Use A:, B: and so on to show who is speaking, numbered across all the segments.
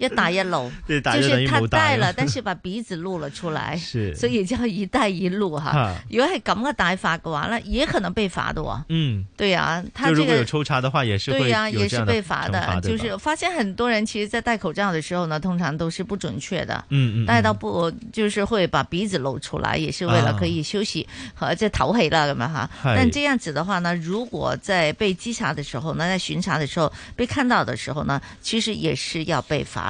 A: 要打一路，
B: 就是他戴了，但是
A: 把鼻子露了出來， 是，所以叫一帶一路哈。啊、如果係咁嘅戴法嘅話也可能被罰的哦、啊，嗯，對呀、啊，他這個有
B: 抽查的話也是對呀，也是被罰的。吧就是
A: 發現很多人其實，在戴口罩的時候呢，通常都是不準確的。嗯，
C: 嗯
B: 嗯，戴
A: 到不就是會把鼻子露出來，也是為了可以休息、啊、和這頭黑了咁啊哈。但這樣子的話呢，如果在被稽查的時候呢，在巡查的時候被看到的時候呢，其實也是要被罰。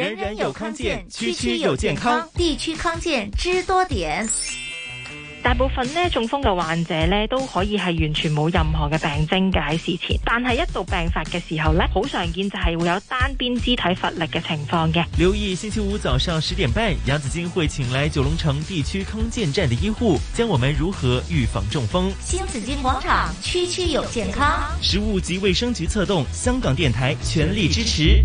A: 人人有
D: 康健，區區有健康。區區健康，地區康健知多點。大部分呢中風嘅患者呢都可以係完全冇任何嘅病徵嘅，喺事前，但係一到病發嘅時候呢，好常見就係會有單邊肢體乏力嘅情況嘅。留意
B: 星期五早上十點半，楊子矜會請來九龍城地區康健站的醫護，教我們如何預防中風。
A: 新紫荊廣場區區有健康。
B: 食物及衛生局策動，香港電台全力支持。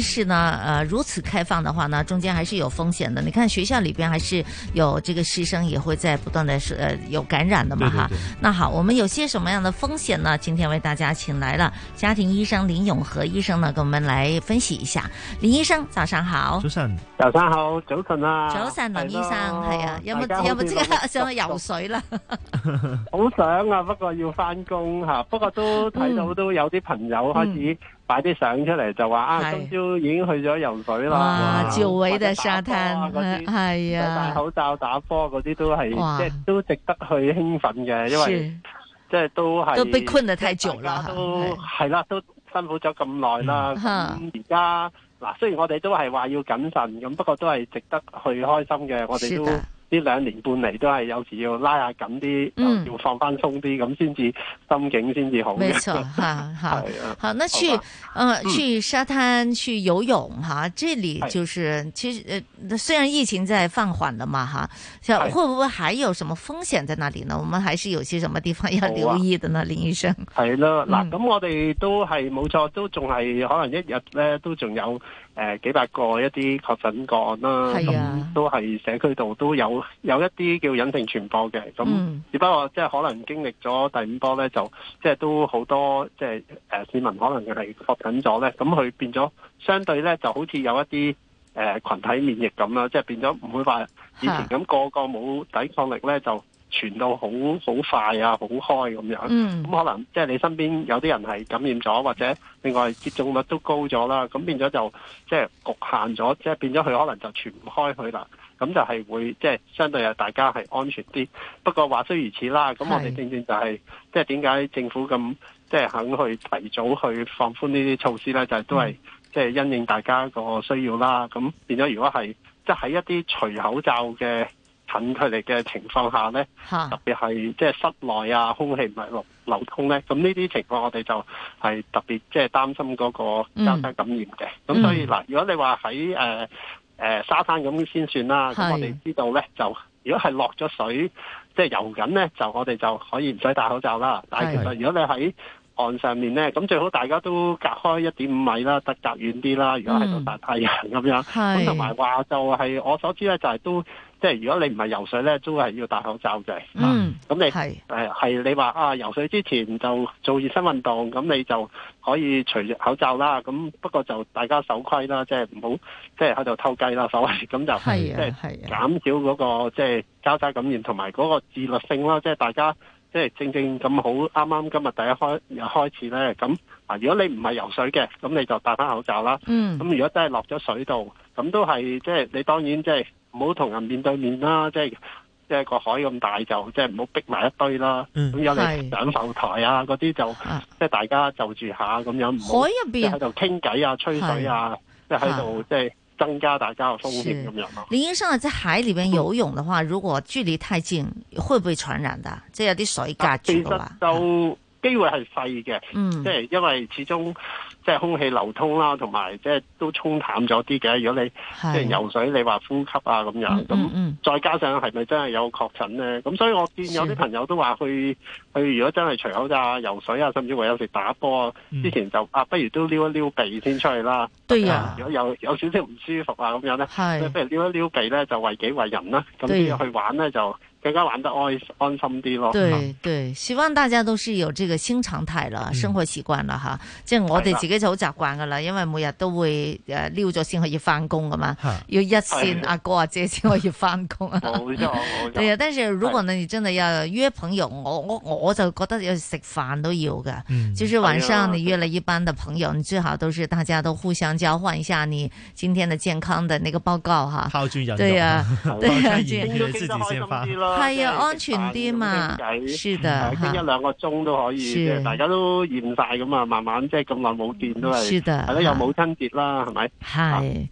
A: 但是呢，呃，如此開放的話呢，中間還是有風險的。你看學校裏邊還是有這個師生也會在不斷的，呃，有感染的嘛對對對哈。那好，我們有些什麼樣的風險呢？今天為大家請來了家庭醫生林永和醫生呢，跟我們來分析一下。林醫生，早上好。早晨，
E: 早上好，早晨啊。早晨，林醫生，係啊，有冇
A: 有冇即刻想去游水啦？
E: 好想啊，不過要翻工吓，不過都睇到都有啲朋友開始、嗯。嗯擺啲相出嚟就話啊，今朝已經去咗游水啦。哇，久
A: 違的沙灘，係啊，戴口
E: 罩打波嗰啲都係，即係都值得去興奮嘅，因為即係都係都被困
A: 得太久啦，都
E: 係啦，都辛苦咗咁耐啦。咁而家嗱，雖然我哋都係話要謹慎，咁不過都係值得去開心嘅，我哋都。呢兩年半嚟都係有時要拉下緊啲，嗯，要放翻鬆啲，咁先至心境先至好。冇錯，好。
A: 嚇。係啊，那去，嗯，去沙灘去游泳，哈，這裡就是其實，呃，雖然疫情在放緩了嘛，哈，像會不會還有什麼風險在那裡呢？我們還是有些什麼地方要留意的呢？林醫生。
E: 係啦，嗱，咁我哋都係冇錯，都仲係可能一日咧都仲有。誒幾百個一啲確診個案啦，啊嗯、都係社區度都有有一啲叫隱性傳播嘅。咁只不過即係可能經歷咗第五波咧，就即係都好多即係誒市民可能係確診咗咧，咁佢變咗相對咧，就好似有一啲誒群體免疫咁啦，即係變咗唔會話以前咁是、啊、個個冇抵抗力咧就。傳到好好快啊，好開咁樣，咁可能即係你身邊有啲人係感染咗，或者另外接種率都高咗啦，咁變咗就即係局限咗，即係變咗佢可能就傳唔開佢啦，咁就係會即係相對啊，大家係安全啲。不過話雖如此啦，咁我哋正正就係即係點解政府咁即係肯去提早去放寬呢啲措施咧，就係都係即係因應大家個需要啦。咁變咗如果係即係喺一啲除口罩嘅。近距離嘅情況下咧，哈特別係即係室內啊，空氣唔係流流通咧，咁呢啲情況我哋就係特別即係擔心嗰個交叉感染嘅。咁、嗯、所以嗱，如果你話喺誒誒沙灘咁先算啦，咁我哋知道咧，就如果係落咗水即係遊緊咧，就我哋就可以唔使戴口罩啦。是但係其實如果你喺岸上面咧，咁最好大家都隔開一點五米啦，得隔遠啲啦。如果喺度曬太陽咁樣，咁同埋話就係我所知咧，就係、是、都。即係如果你唔係游水咧，都係要戴口罩嘅。嗯，咁你係係是、呃、你話啊，游水之前就做熱身運動，咁你就可以除口罩啦。咁不過就大家守規啦，即係唔好即係喺度偷雞啦，所謂咁就即係、啊、減少嗰、那個即係交叉感染同埋嗰個自律性啦。即、就、係、是、大家即係、就是、正正咁好啱啱今日第一開又開始咧。咁啊，如果你唔係游水嘅，咁你就戴翻口罩啦。嗯，咁如果真係落咗水度，咁都係即係你當然即、就、係、是。唔好同人面對面啦，即係即係個海咁大就，即係唔好逼埋一堆啦。咁有你上浮台啊嗰啲就，即係大家就住下咁樣，唔好海入邊喺度傾偈啊、吹水啊，即係喺度即係增加大家嘅風險咁樣咯。
A: 林醫生啊，在海裏面游泳嘅話，如果距離太近，會唔會傳染㗎？即係有啲水隔住啦。
E: 就機會係細嘅，即係、嗯、因為始終即係空氣流通啦，同埋即係都沖淡咗啲嘅。如果你即係游水，是你話呼吸啊咁樣，咁、嗯、再加上係咪真係有確診咧？咁、嗯嗯、所以我見有啲朋友都話去去，去如果真係除口罩、游水啊，甚至話有時打波，嗯、之前就啊，不如都撩一撩鼻先出去啦。對啊呀，如果、呃、有有少少唔舒服啊咁樣咧，咁是不如撩一撩鼻咧，就為己為人啦。咁啲去玩咧對就。更加玩得安安心啲咯。對
A: 對，希望大家都是有這個新常態啦，生活習慣啦，哈。即係我哋自己就好習慣噶啦，因為每日都會誒溜咗先可以翻工噶嘛，要一線阿哥阿姐先可以翻工啊。冇錯冇錯。對啊，但係如果呢你真係要約朋友，我我我就覺得要食飯都要噶，嗯，
B: 就是晚上你
A: 約了一班的朋友，你最好都是大家都互相交換一下你今天的健康的那個報告哈。拋磚引玉。對啊，拋磚引玉，自己先
E: 發。係啊，安全啲嘛，係啊，傾一兩個鐘都可以，即係大家都驗晒咁啊，慢慢即係咁耐冇見都係，係咯，又母親節啦，係咪？係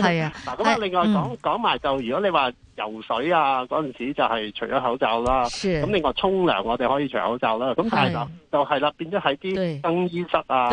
E: 係啊，嗱，咁啊，另外講講埋就，如果你話游水啊嗰陣時，就係除咗口罩啦，咁另外沖涼我哋可以除口罩啦，咁但係啦，就係啦，變咗喺啲更衣室啊，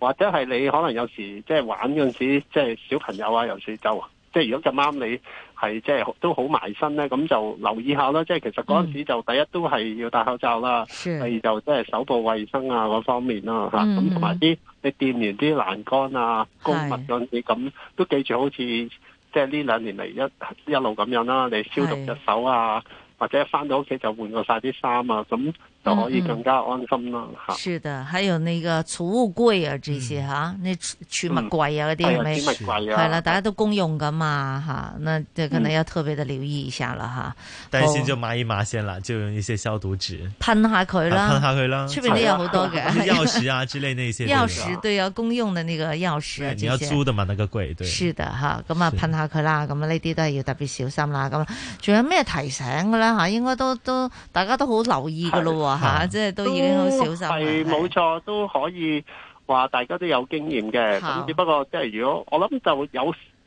E: 或者係你可能有時即係玩嗰陣時，即係小朋友啊游水就啊，即係如果咁啱你。係即係都好埋身咧，咁就留意一下啦。即、就、係、是、其實嗰陣時就第一都係要戴口罩啦，mm hmm. 第二就即係手部衛生啊嗰方面啦、啊、嚇。咁同埋啲你掂完啲欄杆啊、公物嗰啲，咁、mm hmm. 都記住好似即係呢兩年嚟一一路咁樣啦、啊。你消毒隻手啊，mm hmm. 或者返到屋企就換過晒啲衫啊咁。就可以更加安心咯，吓。是
A: 的，還有那個儲物櫃啊，這些吓，那儲物櫃啊嗰啲，係啊，儲物櫃啊，係啦，大家都公用噶嘛，吓，那就可能要特別的留意一下啦，吓。但先就
B: 抹一抹先啦，就用一些消毒紙
A: 噴下佢啦，噴下
B: 佢啦。出邊都有好多嘅，鑰匙啊之類那些。鑰匙
A: 對要公用的那個鑰匙，你要租的
B: 嘛？那個櫃對。是
A: 的，哈，咁啊噴下佢啦，咁啊呢啲都係要特別小心啦，咁。仲有咩提醒嘅咧？吓，應該都都大家都好留意嘅咯。吓，是即係都已經好小心。係冇
E: 錯，是都可以話大家都有經驗嘅。咁好只不過即係如果我諗就有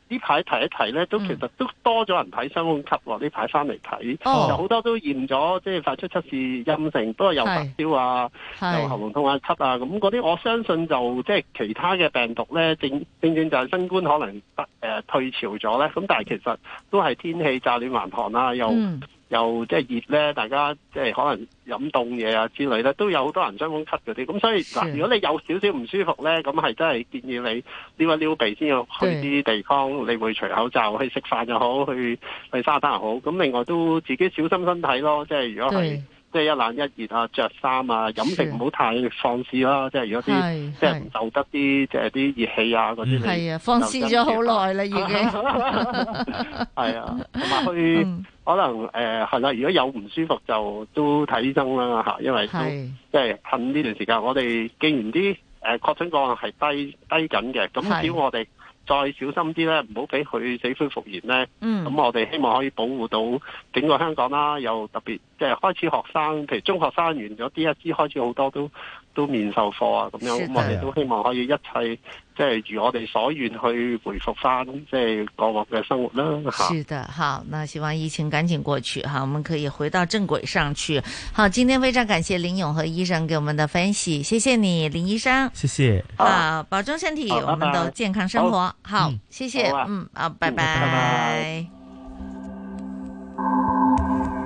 E: 看看呢排提一提咧，都、嗯、其實都多咗人睇新冠級落呢排翻嚟睇，好、哦、多都驗咗，即係發出測試陰性，不過又發燒啊，是又喉嚨痛啊、咳啊是。咁嗰啲我相信就即係其他嘅病毒咧，正正正就係新冠可能得誒退潮咗咧。咁但係其實都係天氣乍暖還寒啦，啊，又。嗯又即係熱呢，大家即係可能飲凍嘢啊之類呢，都有好多人傷風咳嗰啲。咁所以嗱，的如果你有少少唔舒服呢，咁係真係建議你撩一撩鼻，先要去啲地方，的你會除口罩去食飯又好，去去沙灘又好。咁另外都自己小心身體咯，即係如果係。即係一冷一熱啊，著衫啊，飲食唔好太放肆啦。是即係如果啲是即係唔受得啲，即係啲熱氣啊嗰啲，你係啊，放肆咗好
A: 耐啦， 已經。
E: 係 啊， 同埋去可能誒係啦。如果有唔舒服，就都睇醫生啦嚇。因為都是即係近呢段時間，我哋既然啲誒確診個案係低低緊嘅，咁只要我哋。再小心啲咧，唔好俾佢死灰復燃咧。咁、嗯、我哋希望可以保護到整個香港啦。又特別即係開始學生，譬如中學生完咗 DSE 開始好多都都面授課啊咁樣。咁我哋都希望可以一切。即係如我哋所願去回復翻，即係過往嘅生活啦。係。是
A: 的，好，那希望疫情趕緊過去，好，我們可以回到正軌上去。好，今天非常感謝林永和醫生給我們的分析，謝謝你，林醫生。謝謝。啊、好、啊，保重身體，啊、我們都健康生活。好，啊、好，謝謝，啊、嗯，好，拜拜。嗯，拜拜，拜拜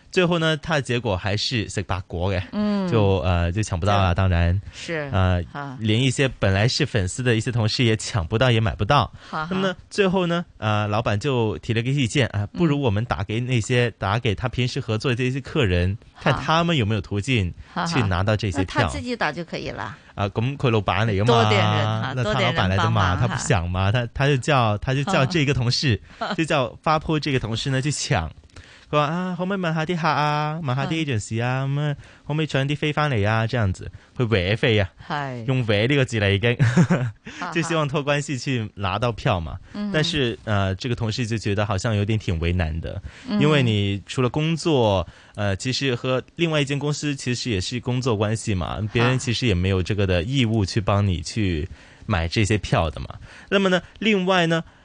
B: 最後呢，他的結果還是食白果，嗯，就呃就搶不到啊，當然
C: 是，呃，
B: 連一些本來是粉絲的一些同事也搶不到，也買不到。
C: 好，那麼
B: 最後呢，呃，老闆就提了個意見啊，不如我們打給那些打給他平時合作的這些客人，看他們有沒有途徑去拿到這些票。他自
A: 己打就可以了。
B: 啊，咁佢老闆嚟嘅嘛，多點人，多點人幫幫他。他不想嘛，他他就叫他就叫這個同事，就叫發潑這個同事呢去搶。說啊，可唔可以問下啲客啊，問下啲 agency 啊，咁啊、嗯，可唔可以搶啲飛翻嚟啊？這樣子會搲飛啊，係嘿用搲呢個字啦，已經哈就希望託關係去拿到票嘛。嗯、哼但是誒、呃，這個同事就覺得好像有點挺為難的，嗯、哼因為你除了工作，誒、呃，其實和另外一間公司其實也是工作關係嘛，別人其實也沒有這個的義務去幫你去買這些票的嘛。啊、那麼呢，另外呢？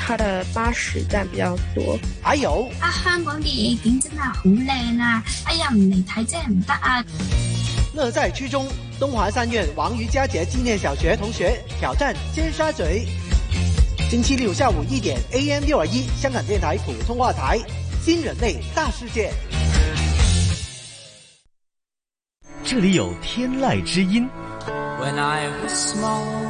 F: 他的巴士站比較多，還有
G: 啊，香港的夜景真係好靚啊！哎呀，唔嚟睇真係唔得啊！樂在
H: 區中東華三院王余家潔紀念小學同學挑戰尖沙咀，星期六下午一點，AM 六二一香港電台普通話台《新人類大世界》，
I: 這裏有天籟之音。
J: When I was small,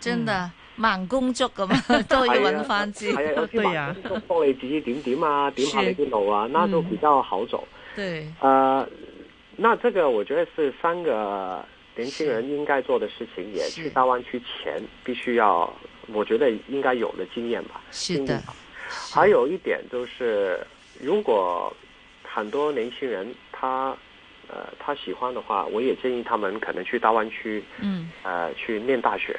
A: 真的，慢工作咁嘛都要揾翻自己。係啊，好似
K: 慢工足，幫你指指點點啊，點下你啲路啊，那都比較好走。對，啊，那這個我覺得是三個年輕人應該做的事情，也去大灣區前必須要，我覺得應該有的經驗吧。是的。還有一點就是，如果很多年輕人他，呃，他喜歡的話，我也建議他們可能去大灣區，
C: 嗯，
K: 呃，去念大學。